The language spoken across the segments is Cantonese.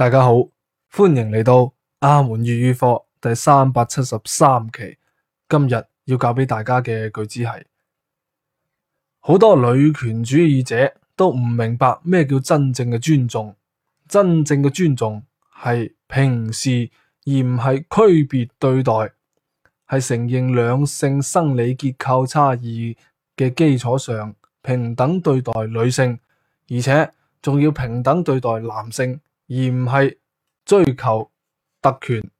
大家好，歡迎嚟到阿門粵語課第三百七十三期。今日要教俾大家嘅句子係：好多女權主義者都唔明白咩叫真正嘅尊重。真正嘅尊重係平視，而唔係區別對待，係承認兩性生理結構差異嘅基礎上平等對待女性，而且仲要平等對待男性。而唔係追求特權，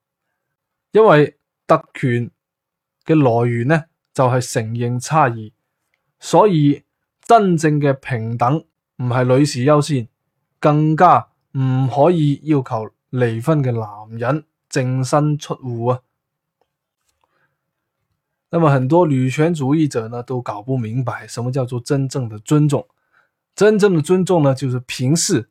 因為特權嘅來源呢就係承認差異，所以真正嘅平等唔係女士優先，更加唔可以要求離婚嘅男人淨身出戶啊！那麼很多女權主義者呢都搞不明白，什麼叫做真正的尊重？真正的尊重呢，就是平視。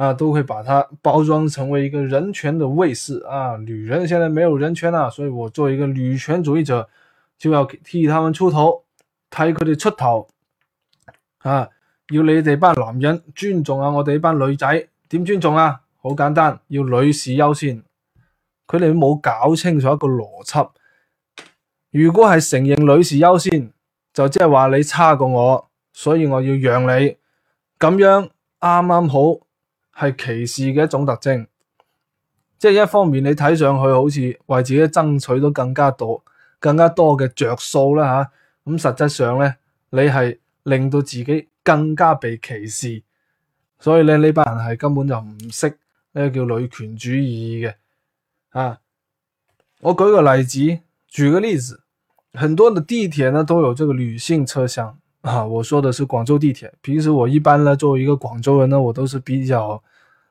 啊，都會把它包裝成為一個人權的衛士啊！女人現在沒有人權啦、啊，所以我作為一個女權主義者，就要替他們出頭，替佢哋出頭啊！要你哋班男人尊重下、啊、我哋呢班女仔，點尊重啊？好簡單，要女士優先。佢哋冇搞清楚一個邏輯，如果係承認女士優先，就即係話你差過我，所以我要讓你，咁樣啱啱好。係歧視嘅一種特徵，即係一方面你睇上去好似為自己爭取到更加多、更加多嘅着數啦吓，咁、啊嗯、實質上咧，你係令到自己更加被歧視。所以咧，呢班人係根本就唔識呢個叫女權主義嘅。啊，我舉個例子，舉個例子，很多嘅地鐵呢都有這個女性車廂啊。我說的是廣州地鐵。平時我一般呢，作為一個廣州人呢，我都是比較。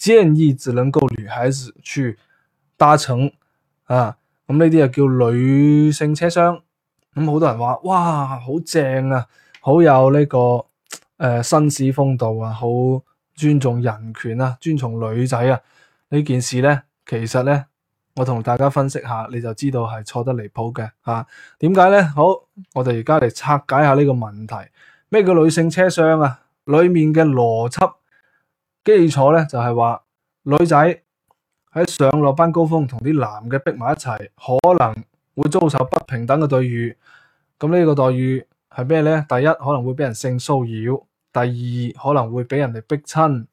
建議只能夠女孩子去搭乘啊，咁呢啲又叫女性車廂，咁、嗯、好多人話哇好正啊，好有呢、呢個誒紳、呃、士風度啊，好尊重人權啦、啊，尊重女仔啊。呢件事呢，其實呢，我同大家分析下你就知道係錯得離譜嘅啊，點解呢？好，我哋而家嚟拆解下呢個問題，咩叫女性車廂啊？裏面嘅邏輯。基礎咧就係話，女仔喺上落班高峰同啲男嘅逼埋一齊，可能會遭受不平等嘅待遇。咁呢個待遇係咩呢？第一可能會俾人性騷擾，第二可能會俾人哋逼親，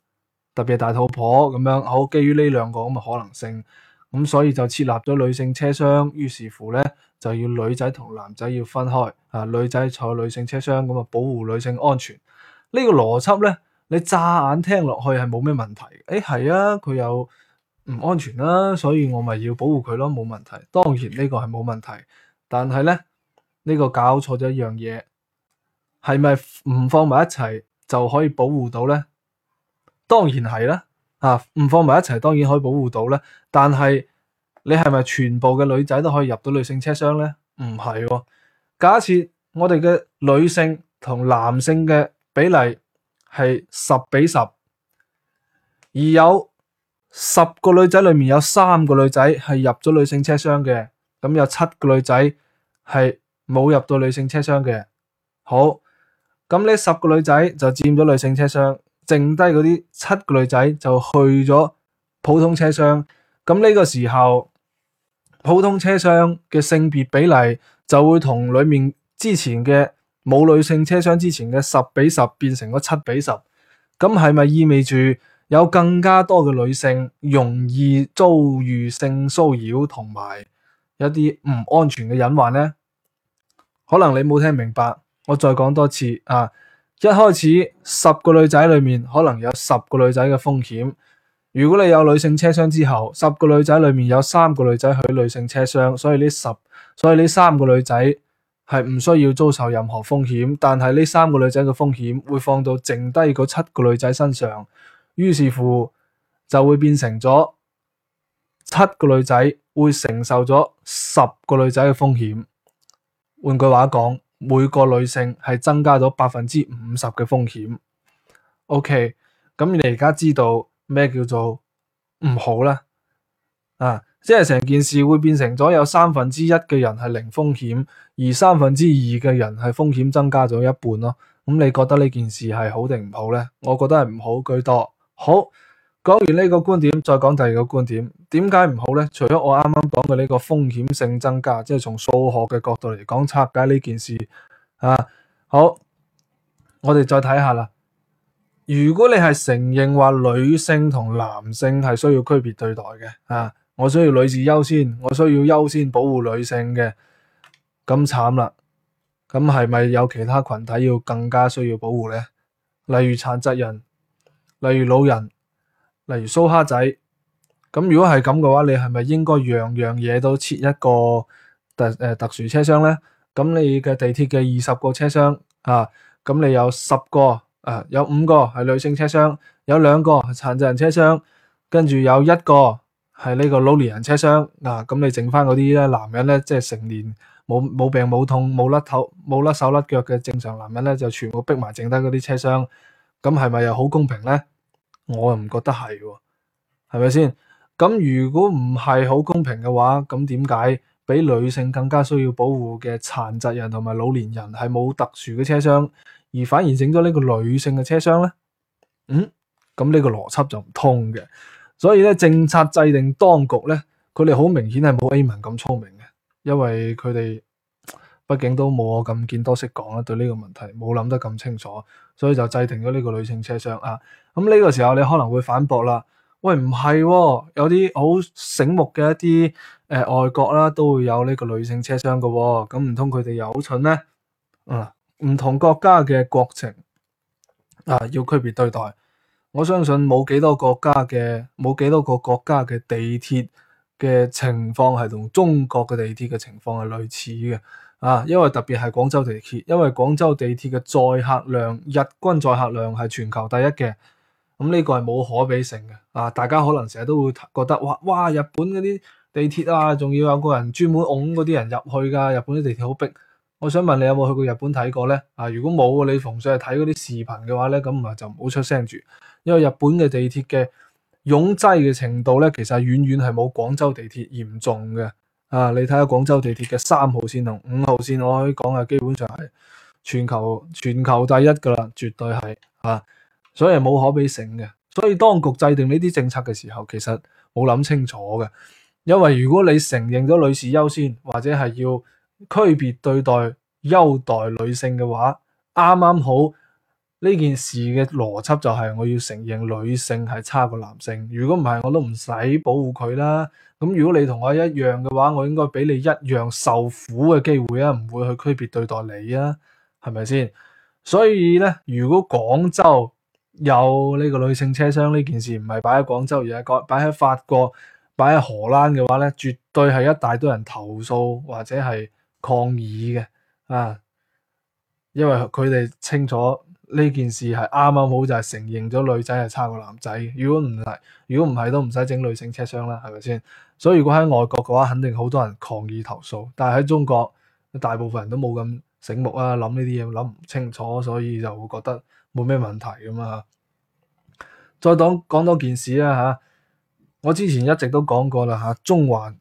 特別係大肚婆咁樣。好，基於呢兩個咁嘅可能性，咁所以就設立咗女性車廂。於是乎呢，就要女仔同男仔要分開啊，女仔坐女性車廂咁啊，保護女性安全。呢個邏輯呢。你乍眼聽落去係冇咩問題，誒係啊，佢又唔安全啦，啊，所以我咪要保護佢咯，冇問題。當然呢個係冇問題，但係咧呢，呢個搞錯咗一樣嘢，係咪唔放埋一齊就可以保護到呢？當然係啦，吓，啊，唔放埋一齊當然可以保護到咧。但係你係咪全部嘅女仔都可以入到女性車廂呢？唔係，哦，假設我哋嘅女性同男性嘅比例。係十比十，而有十個女仔，裏面有三個女仔係入咗女性車廂嘅，咁有七個女仔係冇入到女性車廂嘅。好，咁呢十個女仔就佔咗女性車廂，剩低嗰啲七個女仔就去咗普通車廂。咁呢個時候，普通車廂嘅性別比例就會同裏面之前嘅。冇女性車廂之前嘅十比十變成咗七比十，咁係咪意味住有更加多嘅女性容易遭遇性騷擾同埋一啲唔安全嘅隱患呢？可能你冇聽明白，我再講多次啊！一開始十個女仔裡面可能有十個女仔嘅風險，如果你有女性車廂之後，十個女仔裡面有三個女仔去女性車廂，所以呢十，所以呢三個女仔，係唔需要遭受任何風險，但係呢三個女仔嘅風險會放到剩低嗰七個女仔身上，於是乎就會變成咗七個女仔會承受咗十個女仔嘅風險。換句話講，每個女性係增加咗百分之五十嘅風險。OK，咁你而家知道咩叫做唔好咧？啊！即係成件事會變成咗有三分之一嘅人係零風險，而三分之二嘅人係風險增加咗一半咯。咁，嗯，你覺得呢件事係好定唔好呢？我覺得係唔好居多。好，講完呢個觀點，再講第二個觀點。點解唔好呢？除咗我啱啱講嘅呢個風險性增加，即係從數學嘅角度嚟講拆解呢件事啊。好，我哋再睇下啦。如果你係承認話女性同男性係需要區別對待嘅啊。我需要女士優先，我需要優先保護女性嘅，咁慘啦。咁係咪有其他群體要更加需要保護呢？例如殘疾人，例如老人，例如蘇蝦仔。咁如果係咁嘅話，你係咪應該樣樣嘢都設一個特、呃、特殊車廂呢？咁你嘅地鐵嘅二十個車廂啊，咁你有十個誒、啊，有五個係女性車廂，有兩個係殘疾人車廂，跟住有一個。係呢個老年人車廂嗱，咁、啊、你整翻嗰啲咧男人咧，即係成年冇冇病冇痛冇甩頭冇甩手甩腳嘅正常男人咧，就全部逼埋剩低嗰啲車廂，咁係咪又好公平咧？我又唔覺得係、哦，係咪先？咁如果唔係好公平嘅話，咁點解比女性更加需要保護嘅殘疾人同埋老年人係冇特殊嘅車廂，而反而整咗呢個女性嘅車廂咧？嗯，咁呢個邏輯就唔通嘅。所以咧，政策制定當局咧，佢哋好明顯係冇阿門咁聰明嘅，因為佢哋畢竟都冇我咁見多識廣啦，對呢個問題冇諗得咁清楚，所以就制定咗呢個女性車廂啊。咁呢個時候你可能會反駁啦，喂，唔係、哦，有啲好醒目嘅一啲誒、呃、外國啦、啊，都會有呢個女性車廂㗎喎、哦，咁唔通佢哋又好蠢咧？嗯，唔同國家嘅國情啊，要區別對待。我相信冇幾多國家嘅，冇幾多個國家嘅地鐵嘅情況係同中國嘅地鐵嘅情況係類似嘅啊，因為特別係廣州地鐵，因為廣州地鐵嘅載客量、日均載客量係全球第一嘅，咁呢個係冇可比性嘅啊。大家可能成日都會覺得，哇、哇日本嗰啲地鐵啊，仲要有個人專門擁嗰啲人入去㗎，日本啲地鐵好逼。我想問你有冇去過日本睇過呢？啊，如果冇，你逢上係睇嗰啲視頻嘅話呢，咁啊就唔好出聲住，因為日本嘅地鐵嘅擁擠嘅程度呢，其實係遠遠係冇廣州地鐵嚴重嘅。啊，你睇下廣州地鐵嘅三號綫同五號綫，我可以講係基本上係全球全球第一噶啦，絕對係啊，所以係冇可比性嘅。所以當局制定呢啲政策嘅時候，其實冇諗清楚嘅，因為如果你承認咗女士優先，或者係要。區別對待優待女性嘅話，啱啱好呢件事嘅邏輯就係我要承認女性係差過男性。如果唔係，我都唔使保護佢啦。咁如果你同我一樣嘅話，我應該俾你一樣受苦嘅機會啊，唔會去區別對待你啊，係咪先？所以呢，如果廣州有呢個女性車廂呢件事唔係擺喺廣州而係擺喺法國、擺喺荷蘭嘅話呢，絕對係一大堆人投訴或者係。抗議嘅啊，因為佢哋清楚呢件事係啱啱好就係承認咗女仔係差過男仔。如果唔係，如果唔係都唔使整女性車廂啦，係咪先？所以如果喺外國嘅話，肯定好多人抗議投訴。但係喺中國，大部分人都冇咁醒目啊，諗呢啲嘢諗唔清楚，所以就會覺得冇咩問題咁嘛。再講講多件事啦、啊、嚇、啊，我之前一直都講過啦嚇、啊，中環。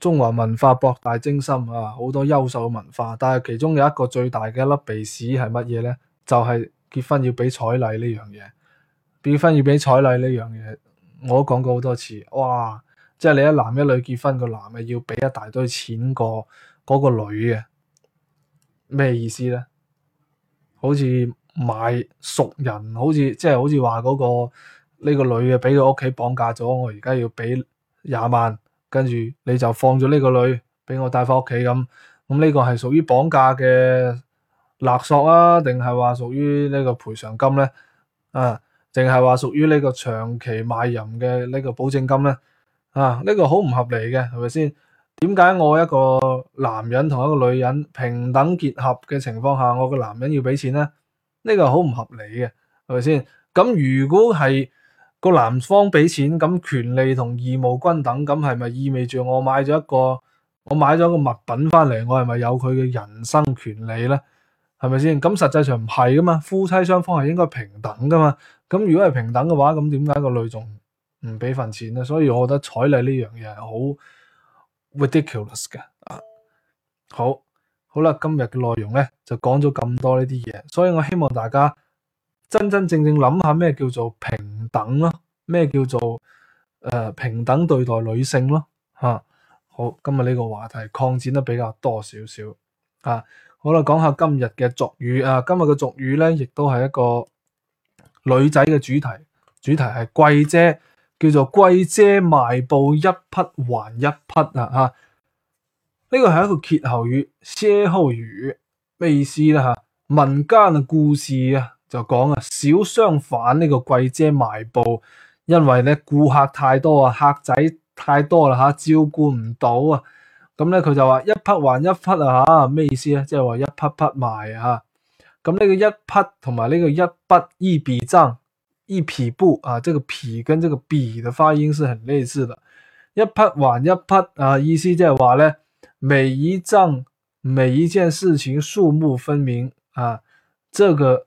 中華文化博大精深啊，好多優秀文化，但係其中有一個最大嘅一粒鼻屎係乜嘢呢？就係、是、結婚要俾彩禮呢樣嘢，結婚要俾彩禮呢樣嘢，我都講過好多次。哇，即係你一男一女結婚，個男嘅要俾一大堆錢過嗰個女嘅，咩意思呢？好似買熟人，好似即係好似話嗰個呢、這個女嘅俾佢屋企綁架咗，我而家要俾廿萬。跟住你就放咗呢個女俾我帶翻屋企咁，咁呢個係屬於綁架嘅勒索啊，定係話屬於呢個賠償金呢？啊，定係話屬於呢個長期賣淫嘅呢個保證金呢？啊，呢個好唔合理嘅，係咪先？點解我一個男人同一個女人平等結合嘅情況下，我個男人要俾錢呢？呢個好唔合理嘅，係咪先？咁如果係，個男方俾錢，咁權利同義務均等，咁係咪意味住我買咗一個，我買咗個物品翻嚟，我係咪有佢嘅人生權利呢？係咪先？咁實際上唔係噶嘛，夫妻雙方係應該平等噶嘛。咁如果係平等嘅話，咁點解個女仲唔俾份錢呢？所以我覺得彩禮呢樣嘢係好 ridiculous 嘅。啊，好，好啦，今日嘅內容呢就講咗咁多呢啲嘢，所以我希望大家。真真正正諗下咩叫做平等咯？咩叫做誒、呃、平等對待女性咯？嚇、啊，好，今日呢個話題擴展得比較多少少啊。好啦，講下今日嘅俗語啊。今日嘅俗語咧，亦都係一個女仔嘅主題，主題係桂姐，叫做桂姐賣布一匹還一匹啦嚇。呢、啊這個係一個歇後語，歇後語咩意思啦嚇、啊？民間嘅故事啊。就講啊，小商販呢個桂姐賣布，因為咧顧客太多啊，客仔太多啦吓、啊，照顧唔到啊。咁咧佢就話一匹還一匹啊吓，咩意思咧？即係話一匹匹埋啊。咁、嗯、呢個一匹同埋呢個一筆，依筆賬一匹布啊，這個皮跟這個筆的發音是很類似的。一匹還一匹啊，意思即係話咧，每一賬每一件事情數目分明啊，這個。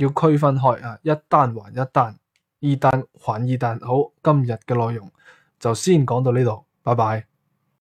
要區分開啊，一單還一單，二單還二單。好，今日嘅內容就先講到呢度，拜拜。